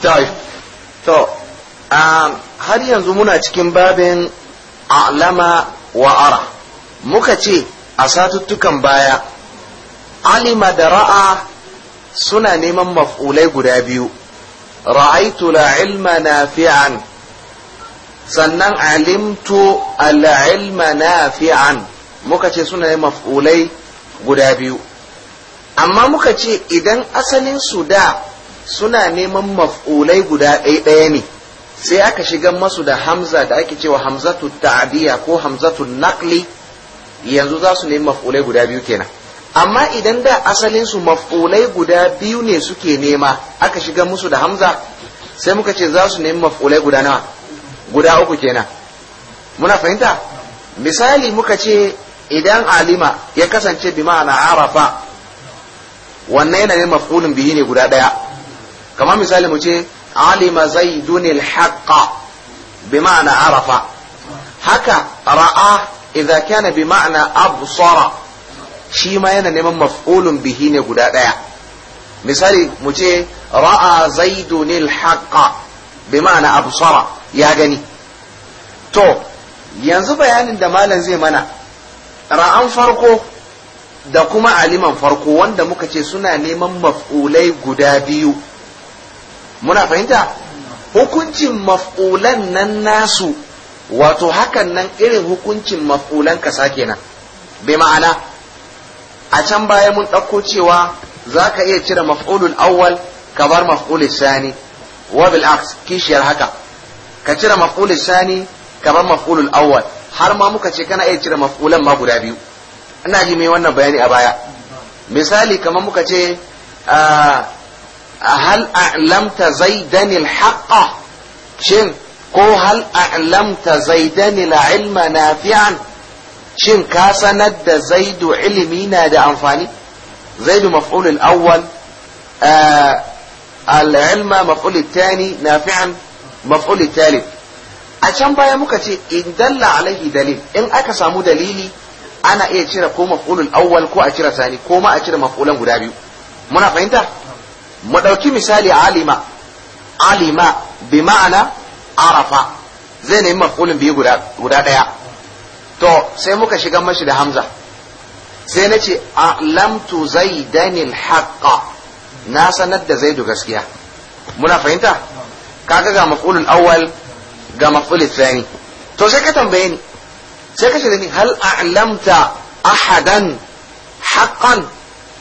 to har yanzu muna cikin babin alama wa ara muka ce a satuttukan baya alima da ra'a suna neman maf'ulai guda biyu ra'aitu la ilma nafi'an sannan alimtu al ilma nafi'an muka ce suna neman maf'ulai guda biyu amma muka ce idan asalin su da suna neman maf'ulai guda ɗaya ɗaya ne sai aka shiga masu da hamza da ake cewa hamzatu ta'diya ko hamzatu naqli yanzu za su nemi maf'ulai guda biyu kenan amma idan da asalin su maf'ulai guda biyu ne suke nema aka shiga musu da hamza sai muka ce za su nemi maf'ulai guda nawa guda uku kenan muna fahimta misali muka ce idan alima ya kasance bi ma'ana arafa wannan yana neman maf'ulun bihi ne guda daya kamar misali mu ce alima zaidun alhaqa bi ma'ana arafa haka ra'a idza kana bi ma'ana absara shi ma yana neman maf'ulun bihi ne guda daya misali mu ce ra'a zaidun alhaqa bi absara ya gani to yanzu bayanin da malam zai mana ra'an farko da kuma aliman farko wanda muka ce suna neman maf'ulai guda biyu muna fahimta hukuncin maf'ulan nan nasu wato hakan nan irin hukuncin maf'ulan kasa kenan bai ma'ana a can baya mun ɗauko cewa za ka iya cire maf'ulul awwal ka bar maf'ulul sani wa bil kishiyar haka ka cire maf'ulul sani ka bar maf'ulul awwal har ma muka ce kana iya cire maf'ulan ma guda biyu ina ji mai wannan bayani a baya misali kamar muka ce ah, hal a'lamta zaidan al-haqqa shin ko hal a'lamta zaidan al-ilma nafi'an shin ka sanar da zaidu ilimi na da amfani zaidu maf'ul al-awwal al-ilma maf'ul al-thani nafi'an maf'ul al-thalith a can baya muka ce in dalla alaihi dalil in aka samu dalili ana iya cire ko maf'ulul awwal ko a cire sani ko ma a cire maf'ulan guda biyu muna fahimta mu ɗauki misali alima alima bi ma'ana arafa zai nemi maf'ulin biyu guda ɗaya to sai muka shiga mashi da hamza sai na ce alamtu zaidanil haqqa na sanar da zaidu gaskiya muna fahimta kaga ga maf'ulin awwal ga maf'ulul thani to sai ka tambaye ni sai ka shiga ni hal a'lamta ahadan haqqan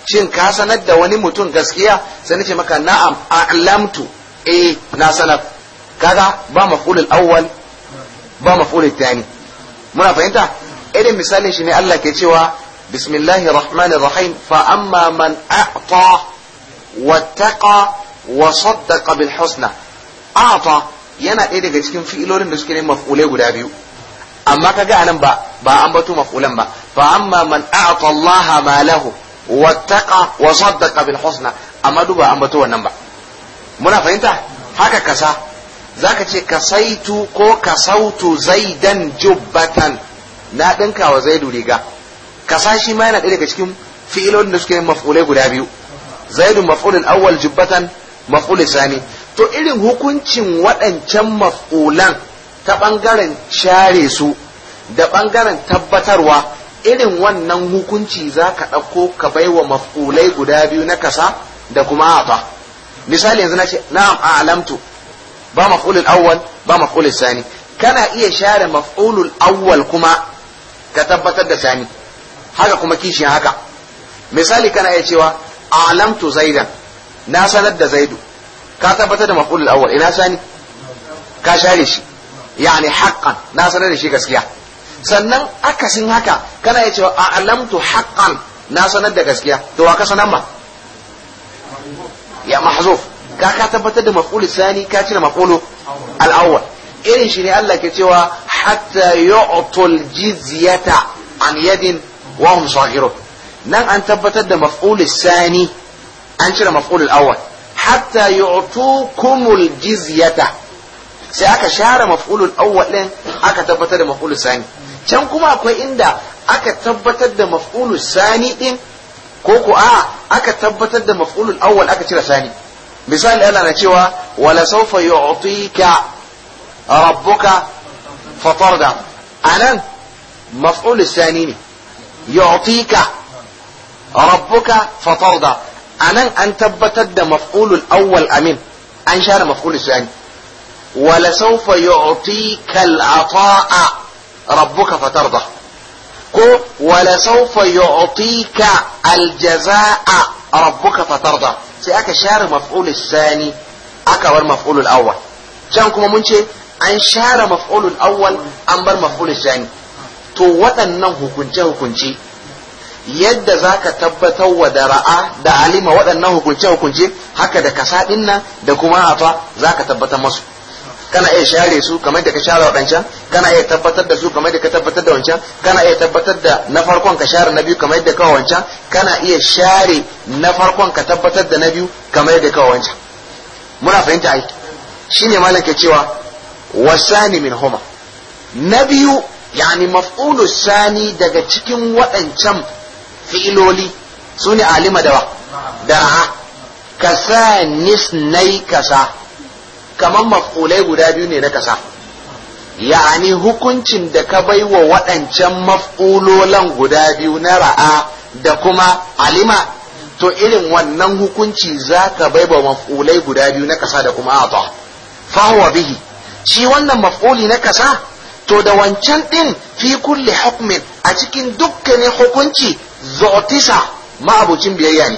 shin ka sanar da wani mutum gaskiya sai nace maka na'am a'lamtu eh na sanar kaga ba maf'ulul awwal ba maf'ulul tani muna fahimta irin misalin shi ne Allah ke cewa bismillahir rahmanir rahim fa amma man a'ta wattaqa wa saddaqa bil husna a'ta yana ɗaya daga cikin fi'ilolin da suke ne maf'ulai guda biyu amma kaga anan ba ba an batu maf'ulan ba fa amma man a'ta Allah ma lahu Wataka, wa saddaka bil husna amma duba an bato wannan ba muna fahimta haka kasa zaka ce kasaitu ko kasautu zaidan jubbatan na dinka wa zaidu riga kasa shi ma yana ɗaya daga cikin fi'ilon da suke maf'ulai guda biyu Zaidu maf'ulin awwal jubbatan maf'ul sani to irin hukuncin waɗancan maf'ulan ta ɓangaren share su da ɓangaren tabbatarwa irin wannan hukunci za ka ɗauko ka bai wa maf'ulai guda biyu na kasa da kuma ata misali yanzu na ce na'am a'lamtu ba maf'ulul awwal ba maf'ulul sani kana iya share maf'ulul awwal kuma ka tabbatar da sani haka kuma kishiyan haka misali kana iya cewa a'lamtu zaidan na sanar da zaidu ka tabbatar da maf'ulul awwal ina sani ka share shi yani haƙƙan na sanar da shi gaskiya sannan akasin haka kana ya cewa a alamtu haqqan na sanar da gaskiya to wa ka sanar ma ya mahzuf ka ka tabbatar da maqulu sani ka cire maqulu al-awwal irin shi ne Allah ke cewa hatta yu'tul jizyata an yadin wa hum saghirun nan an tabbatar da maf'ul sani an cire maf'ul al-awwal hatta yu'tukumul jizyata sai aka share maf'ul al-awwal din aka tabbatar da maf'ul sani can kuma akwai inda aka tabbatar da maf'ulul sani din ko ko a aka tabbatar da maf'ulul awwal aka cire sani misali ana na cewa wala sawfa yu'tika rabbuka fatarda anan maf'ulul sani ne yu'tika rabbuka fatarda anan an tabbatar da maf'ulul awwal amin an share maf'ulul sani wala sawfa yu'tika al-ata'a rabbuka fatarda ko wala aljaza'a yu'tika aljazaa'a rabbuka fatarda sai aka share maf'ul sani aka bar maf'ul awwal can kuma mun ce an share maf'ul awwal an bar maf'ul sani to waɗannan hukunce hukunce yadda za ka tabbatar wa da ra'a da alima waɗannan hukunce-hukunce haka da kasa nan da kuma hata za ka tabbatar masu kana iya share su kamar da ka share waɗancan kana iya tabbatar da su kamar da ka tabbatar da wancan kana iya tabbatar da na farkon ka share na biyu kamar da ka wancan kana iya share na farkon ka tabbatar da na biyu kamar da ka wancan muna fahimta ai shine malam ke cewa wasani min huma na biyu yani maf'ulu sani daga cikin waɗancan fi'iloli sune alima da wa da ka sa nisnai kasa kamar maf'ulai guda biyu ne na kasa yani hukuncin da ka bai wa waɗancan maf'ulolan guda biyu na ra'a da kuma alima to irin wannan hukunci za ka bai wa maf'ulai guda biyu na kasa da kuma ata fahuwa bihi shi wannan maf'uli na kasa to da wancan ɗin fi kulle hukumin a cikin dukkanin hukunci zotisa ma'abucin biyayya ne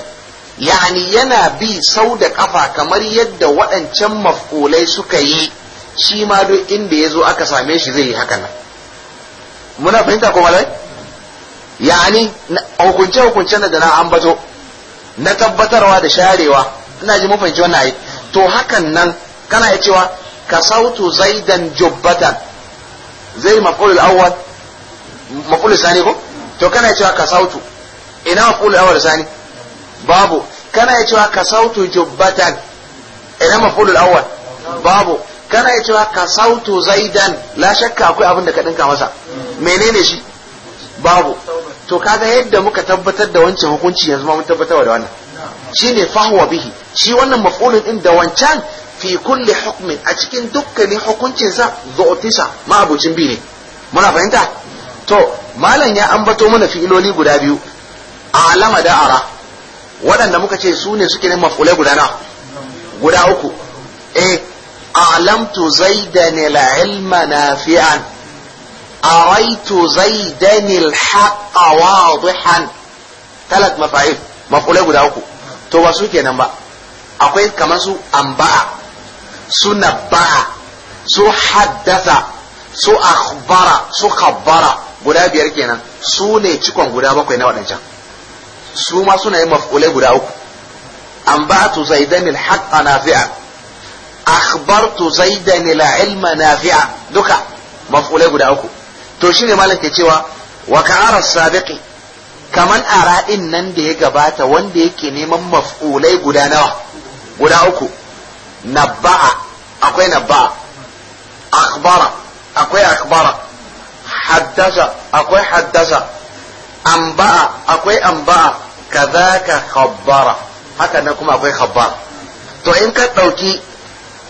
yani yana bi sau da kafa kamar yadda waɗancan maf'ulai suka yi shi ma duk inda ya zo aka same shi zai yi haka nan muna fahimta ko malai yani hukunce hukunce da na ambato na tabbatarwa da sharewa ina ji mun fahimci wannan to hakan nan kana ya cewa ka sautu zaidan jubbatan zai maf'ulul awwal maf'ulul sani ko to kana ya cewa ka sautu ina maf'ulul awwal sani babu kana ya cewa ka sautu jubbatan ina mafulul awwal babu kana ya cewa ka sautu zaidan la shakka akwai abin da ka dinka masa menene shi babu to kaga yadda muka tabbatar da wancan hukunci yanzu ma mun tabbatar da wannan shine fahwa bihi shi wannan maf'ulun din da wancan fi kulli hukmin a cikin dukkanin hukuncin sa zu'tisa ma abucin bi ne muna fahimta to malam ya ambato mana fi'iloli guda biyu alama da ara waɗanda muka ce su ne suke ne maf'ulai guda na guda uku E a'lamtu zaidan al-ilma zai araitu zaidan al-haqqa wadihan talat mafa'il maf'ulai guda uku to ba su nan ba akwai kamar su amba'a su nabba'a su haddasa su akhbara su khabbara guda biyar kenan su ne cikon guda bakwai na waɗancan su ma suna yin maf'ulai guda uku an ba tu zaidan alhaqqa nafi'a akhbartu zaidan alilma nafi'a duka maf'ulai guda uku to shine malam ke cewa wa ka'ara sabiqi kaman ara'in nan da ya gabata wanda yake neman maf'ulai guda nawa guda uku nabba'a akwai nabba'a akhbara akwai akhbara haddasa akwai haddasa amba'a akwai amba'a ka khabbara haka nan kuma akwai khabbar to in ka ɗauki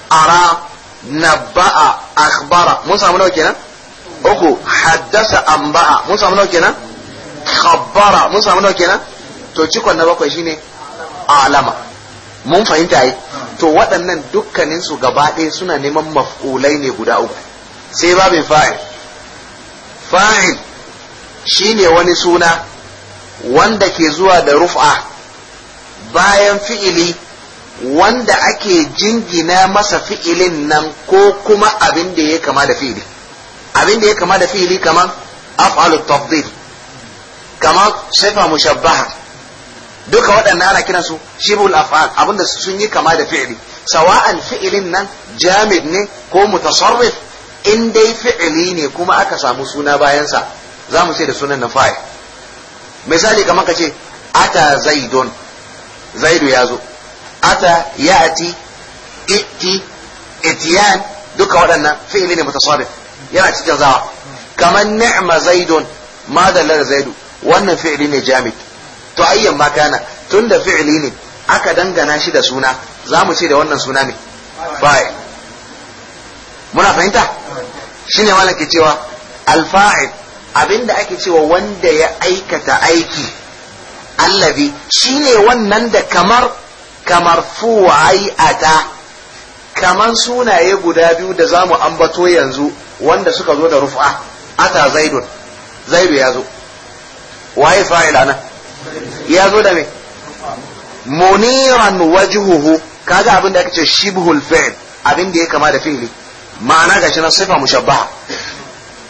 ara nabba'a akhbara mun samu nawa kenan uku haddasa amba'a mun samu nawa kenan khabbara mun samu nawa kenan to cikon na bakwai shine alama mun fahimta yi to waɗannan dukkanin su gaba ɗaya suna neman maf'ulai ne guda uku sai babin fa'il fa'il Shi ne wani suna wanda ke zuwa da rufa bayan fi'ili wanda ake jingina masa fi'ilin nan ko kuma abin da ya kama da fi'ili abin da ya kama da fi'ili kaman af'alu tafdil kaman sifa mushabbaha duka waɗannan ana kiran su shibul af'al da sun yi kama da fi'ili sawa'an fi'ilin nan jamid ne ko mutasarrif in dai fi'ili ne kuma aka samu suna bayansa za mu ce da sunan na fa'il misali kamar ka ce ata zaidun zaidu ya zo ata ya'ati itti itiyan duka waɗannan fi'ili ne mutasarrif yana cikin zawa kamar ni'ma zaidun madalla da zaidu wannan fi'ili ne jamid to ayyan ma kana tunda fi'ili ne aka dangana shi da suna za mu ce da wannan suna ne fa'il muna fahimta shine malam ke cewa alfa'il abinda ake cewa wanda ya aikata aiki allabi shine wannan da kamar kamar fu'ai'ata kaman sunaye guda biyu da zamu ambato yanzu wanda suka zo da rufa ata zaidun zaidu ya zo waye fa'ila nan ya zo da me muniran wajhuhu kaga abin da ake ce shibhul fi'l abin da ya kama da fi'li ma'ana gashi na sifa mushabbaha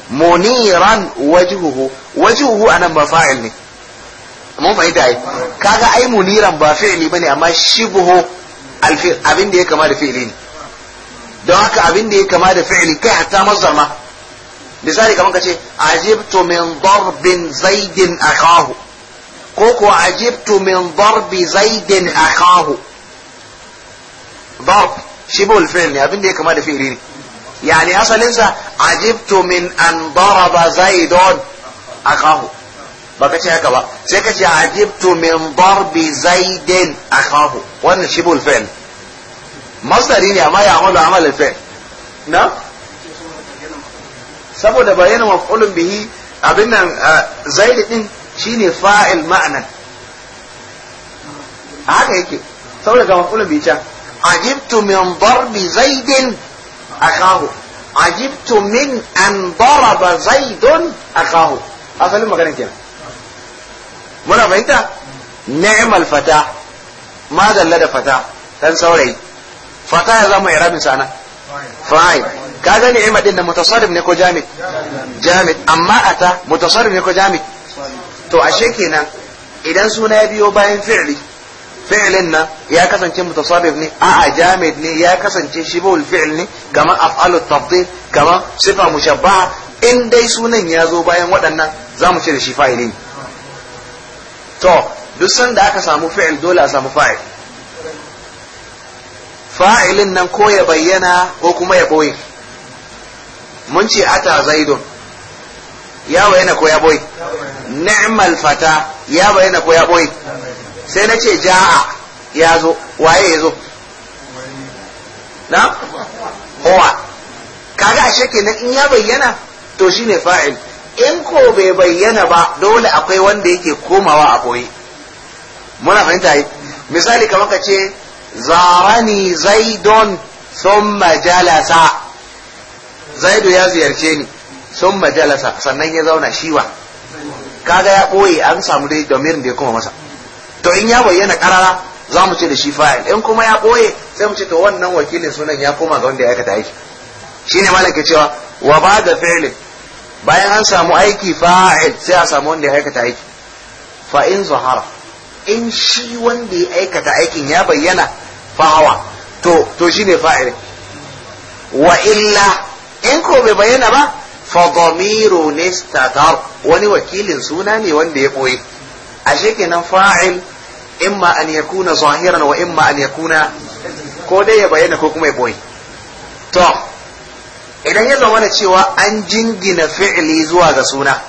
muniran wajhuhu wajhuhu anan ba fa'il ne mun fahimta ai kaga ai muniran ba fi'ili bane amma shibhu alfil abin da ya kama da fi'ili ne don haka abin da ya kama da fi'ili kai hatta mazhar ma misali kamar kace ajibtu min darbin zaidin akahu ko ko ajibtu min darbi zaidin akahu darb shibhu alfil ne abin da ya kama da fi'ili ne yani asalinsa ajibtu min an daraba zaidon akahu baka ce haka ba sai kace ce ajibtu min darbi zaidin akahu wannan shibul fi'l masdari ne amma ya amalu amal fi'l na saboda bayanin maf'ulun bihi abin nan zaid din shine fa'il ma'anan haka yake saboda ga maf'ulun bihi can ajibtu min darbi zaidin akahu ajibtu min an daraba zaidun akahu asalin maganin kenan muna fahimta ni'mal fata ma da fata dan saurayi fata ya zama irabin sana fa'il kaga ni'ma din da mutasarrif ko jamid jamid amma ata mutasarrif ne ko jamid to ashe kenan idan suna ya biyo bayan fi'li fi'lin nan ya kasance mutasabib ne a'a jamid ne ya kasance shi shibul fi'l ne kamar af'alut tafdil kamar sifa mushabbaha in dai sunan ya zo bayan waɗannan za mu ce da shi fa'ili ne to duk sanda aka samu fi'il dole a samu fa'il fa'ilin nan ko ya bayyana ko kuma ya boye mun ce ata zaidun ya bayyana ko ya boye ni'mal fata ya bayyana ko ya boye sai na ce ja'a ya zo waye ya zo na huwa kaga ashe na in ya bayyana to shine fa'il in ko bai bayyana ba dole akwai wanda yake komawa a koyi muna fahimta yi misali kamar ka ce zarani zaidon majalasa zai zaidu ya ziyarce ni sun majalasa sannan ya zauna shiwa kaga ya ɓoye an samu dai domin da ya koma masa to in ya bayyana karara za mu ce da shi fa'il in kuma ya boye sai mu ce to wannan wakilin sunan ya koma ga wanda ya aikata aiki shine malam ke cewa wa ba da fi'lin bayan an samu aiki fa'il sai a samu wanda ya aikata aiki fa in zahara in shi wanda ya aikata aikin ya bayyana fahawa to to shine fa'il wa illa in ko bai bayyana ba fa dhamiru nistatar wani wakilin suna ne wanda ya boye ashe kenan fa'il imma an yakuna zahiran wa imma an yakuna ko dai ya bayyana ko kuma ya boye to idan ya zama da cewa an jingina fi'li zuwa ga suna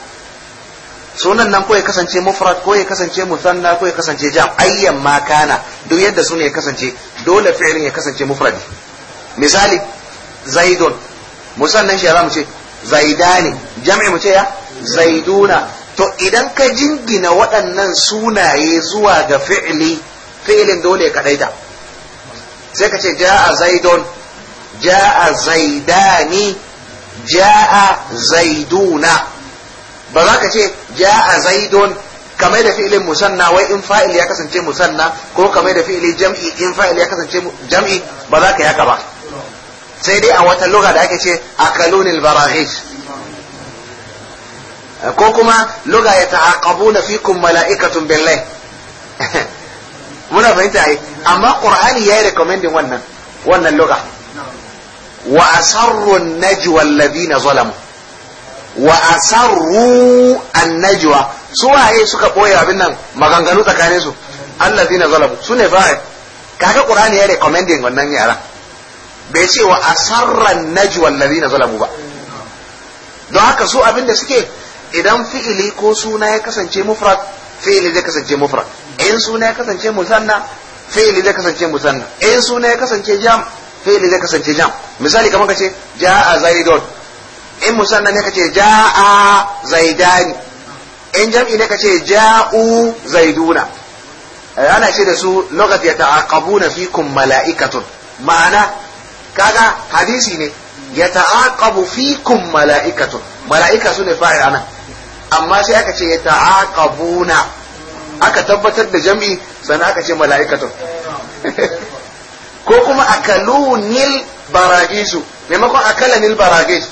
sunan nan ko ya kasance mufrad ko ya kasance musanna ko ya kasance jam ayyan ma kana duk yadda sunan ya kasance dole fi'lin ya kasance mufrad misali zaidun musannan shi za mu ce zaidani jam'i mu ce ya zaiduna to idan ka jingina waɗannan sunaye zuwa ga fi'li fi'lin dole ka daida sai ka ce ja'a zaidon ja'a zaidani ja'a zaiduna ba za ka ce ja'a zaidon kamar da fi'ilin musanna wai in fa'il ya kasance musanna ko kamar da fi'ilin jam'i in fa'il ya kasance jam'i ba za ka yaka ba sai dai a wata lura da ake ce akalunil barahish ko kuma luga ya fi fikum mala'ikatun billahi muna fahimta ai amma qur'ani yayi recommending wannan wannan luga wa asarru najwa alladhina zalamu wa asarru an-najwa su waye suka boye abin nan maganganu tsakanin su alladhina zalamu su ne fa kaga qur'ani yayi recommending wannan yara bai ce wa asarran najwa alladhina zalamu ba don haka su abin da suke idan fi'ili ko suna ya kasance mufrad fi'ili zai kasance mufrad in suna ya kasance musanna fi'ili zai kasance musanna in suna ya kasance jam fi'ili zai kasance jam misali kamar kace ja'a zaidun in musanna ne kace ja'a zaidani in jam'i ne kace ja'u zaiduna eh, ana ce da su lokaci ya ta'aqabuna fikum mala'ikatun ma'ana kaga hadisi ne ya ta'aqabu fikum mala'ikatun mala'ika sune fa'il anan amma sai aka ce ya ta'aqabuna aka tabbatar da jam'i sannan aka ce mala'ikatun ko kuma akalunil baragisu maimakon akalanil baragis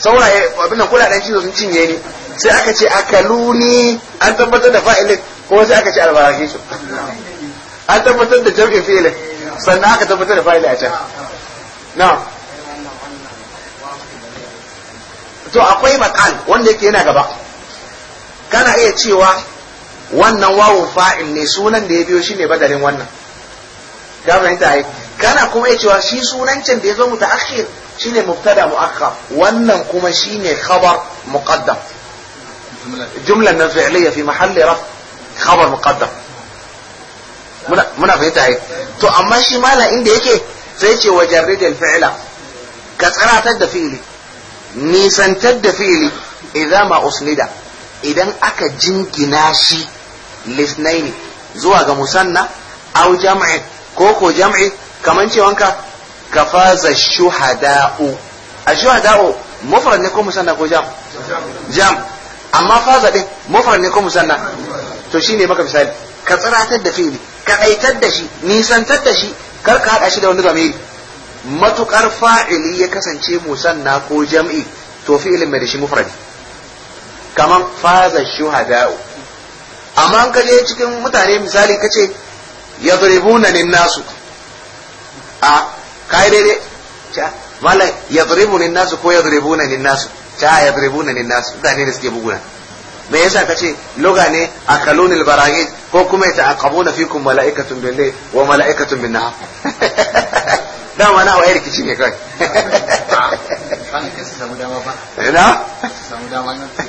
sauraye abin nan da cizo sun cinye ni sai aka ce akaluni an tabbatar da fa'ili ko sai aka ce albaragisu an tabbatar da jam'in fi'ili sannan aka tabbatar da fa'ili a can na'am to akwai makal wanda yake yana gaba kana iya cewa wannan wawun fa'il ne sunan da ya biyo ne badalin wannan ka fahimta ai kana kuma iya cewa shi sunancin da ya zo mutaakhir shine mubtada muakhar wannan kuma shi ne khabar muqaddam jumla nan fi'liya fi mahalli raf khabar muqaddam muna muna fahimta ai to amma shi mala inda yake sai ce wajarrid al-fi'la ka tsaratar da fi'li nisantar da fi'li idza ma usnida idan aka jingina shi lisnaini zuwa ga musanna au jam'i ko ko jam'i kaman wanka ka faza shuhada'u a shuhada'u mufrad ne ko musanna ko jam jam amma faza din mufrad ne ko musanna to shine maka misali ka tsaratar da fi'ili ka aitar da shi nisantar da shi kar ka hada shi da wani zamiri matukar fa'ili ya kasance musanna ko jam'i to fi'ilin mai da shi mufradi kamar faza shuhada'u amma an kaje cikin mutane misali kace zuribuna lin nasu a kai daidai ta mala zuribuna lin nasu ko zuribuna lin nasu ta zuribuna lin nasu mutane da suke buguna me yasa kace loga ne akalunil baragid ko kuma yata'aqabuna fikum mala'ikatun bil wa mala'ikatun bin nahar dama na wayar rikici ne kai kan ka samu dama ba na samu dama ne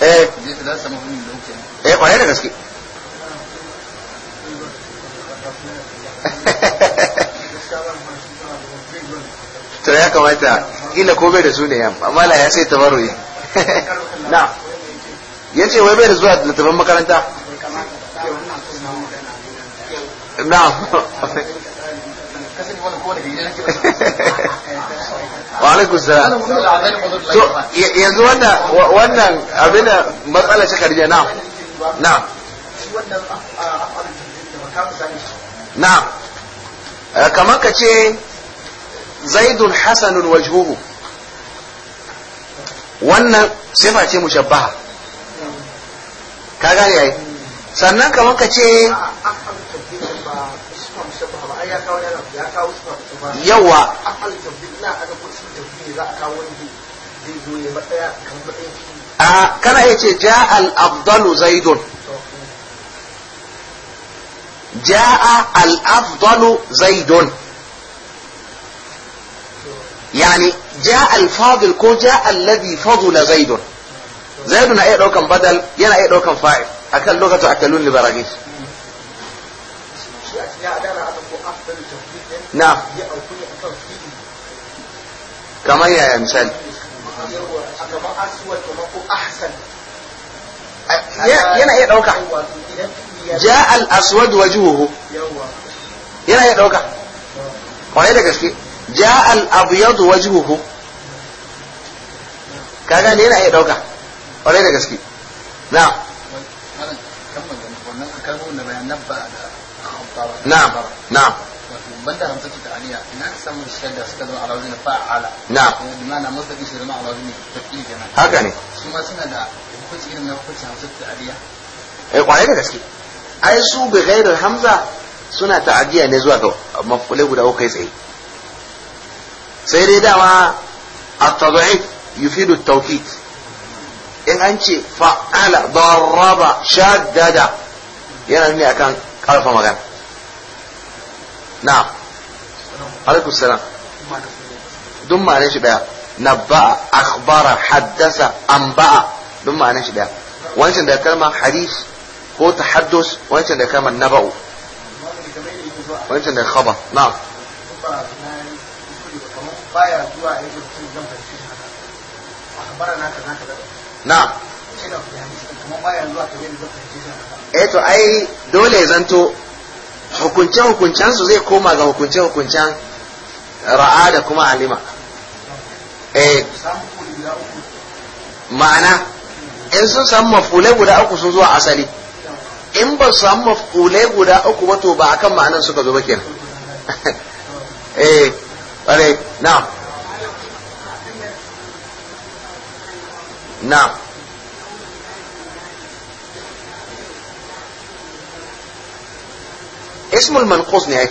eh eh kwarai eh, da gaske to ya kamata kila ko bai da su ne amma la ya sai tabarruyi na Ya ce wai bai da zuwa taban makaranta na wa alaikum salam yanzu wannan wannan abin matsala ta karje na na na kamar ka ce zaidun Hassanun wajhuhu wannan sifa ce mushabbaha ka gane yayi sannan kamar ka ce ah, ah, ah, yawa آه، كان يتي جاء الأفضل زيد جاء الأفضل زيد يعني جاء الفاضل كو جاء الذي فضل زيد زيد نا ايه كان بدل ينا ايه دو فاعل اكل لغة اكلون لبراغيش نعم كمان يا مثال a gaban aswad kuma ahsan yana iya dauka ja al aswad wajhuhu yana iya dauka kwaye da gaske ja al abyad wajhuhu kaga ne yana iya dauka kwaye da gaske Na, na. na'am بدا هم سكت عليا انا سمو الشدة استدعوا على وزن فعلا نعم بمعنى مصدق يشير ما على وزن تفكيج انا يعني. هكا ني سمع سنة دا كنت كده من وقت هم سكت عليا اي قوانا ده سكي اي سو بغير الحمزة سنة تعديا نزوا كو مفقوله بدا او كيس اي سيري دعوة التضعيف يفيد التوكيد إن أنت فعل يعني نعم alaikum salam duk ma'anar shi daya nabba akhbara haddasa anba'a duk ma'anar shi daya wancan da kalmar hadis ko tahaddus wancan da kalmar naba'u wancan da khaba na. na. zuwa ya zo cikin zan eh to ai dole zanto hukunce hukuncensu zai koma ga hukunce hukuncen ra'a da kuma alima eh ma'ana in sun samu mafulai guda uku sun zuwa asali in ba su samu mafulai guda uku ba to ba akan ma'anan suka zo ba kenan eh bare na na اسم المنقوص نهائي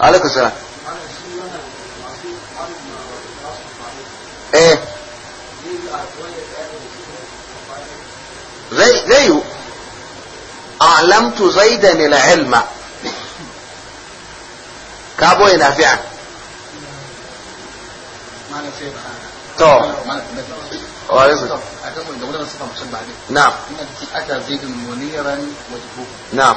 عليك السلام ايه زي زيه اعلمت زيدا العلم كابو نافع تو نعم نعم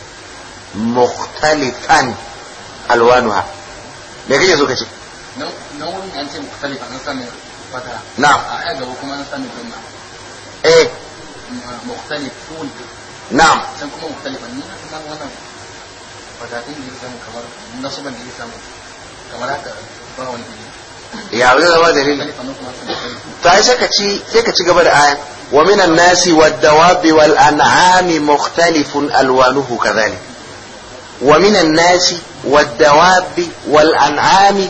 mukhtalifan alwanuha me kake so kace na wurin an ce mukhtalifan an sami fata na aya gaba kuma an sami dunna eh mukhtalifun na san wannan da ya da ya samu kamar haka ba wani ta ka ci gaba da wa minan nasi wad dawabi wal an'ami mukhtalifun alwanuhu ومن الناس والدواب والأنعام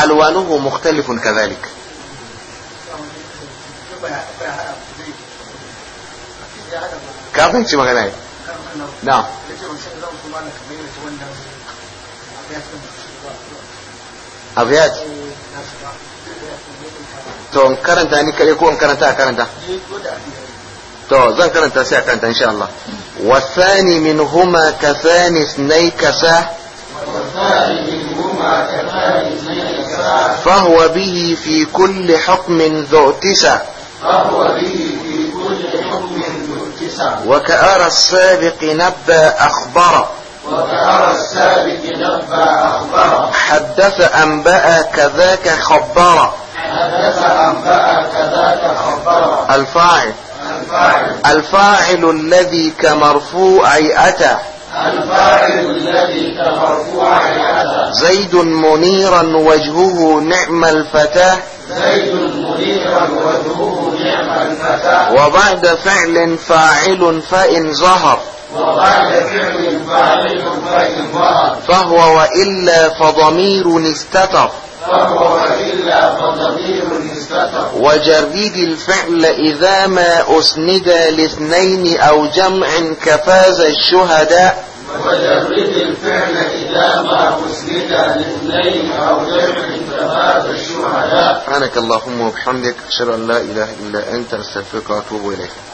ألوانه مختلف كذلك kafin ci magana ne na abiyat to in karanta ni kare ko in karanta a karanta eh, to zan karanta sai a karanta insha Allah والثاني منهما كثان اثني كساه فهو به في كل حكم ذو تسع فهو به في كل حكم ذو تسع وكأرى السابق نبى أخبر وكأرى السابق نبى أخبر حدث أنبأ كذاك خبر حدث أنبأ كذاك خبر الفاعل الفاعل, الفاعل الذي كمرفوع أتى الفاعل الذي كمرفوع أتى زيد منيرا وجهه نعم الفتاه زيد منيرا وجهه نعم الفتاه وبعد فعل فاعل فإن ظهر وبعد فعل فاعل فإن ظهر فهو وإلا فضمير استتر فهو وإلا فضمير وجريد الفعل إذا ما أسند لاثنين أو جمع كفاز الشهداء وجريد الفعل إذا ما أسند لاثنين أو جمع كفاز الشهداء سبحانك اللهم وبحمدك أشهد أن لا إله إلا أنت أستغفرك وأتوب إليك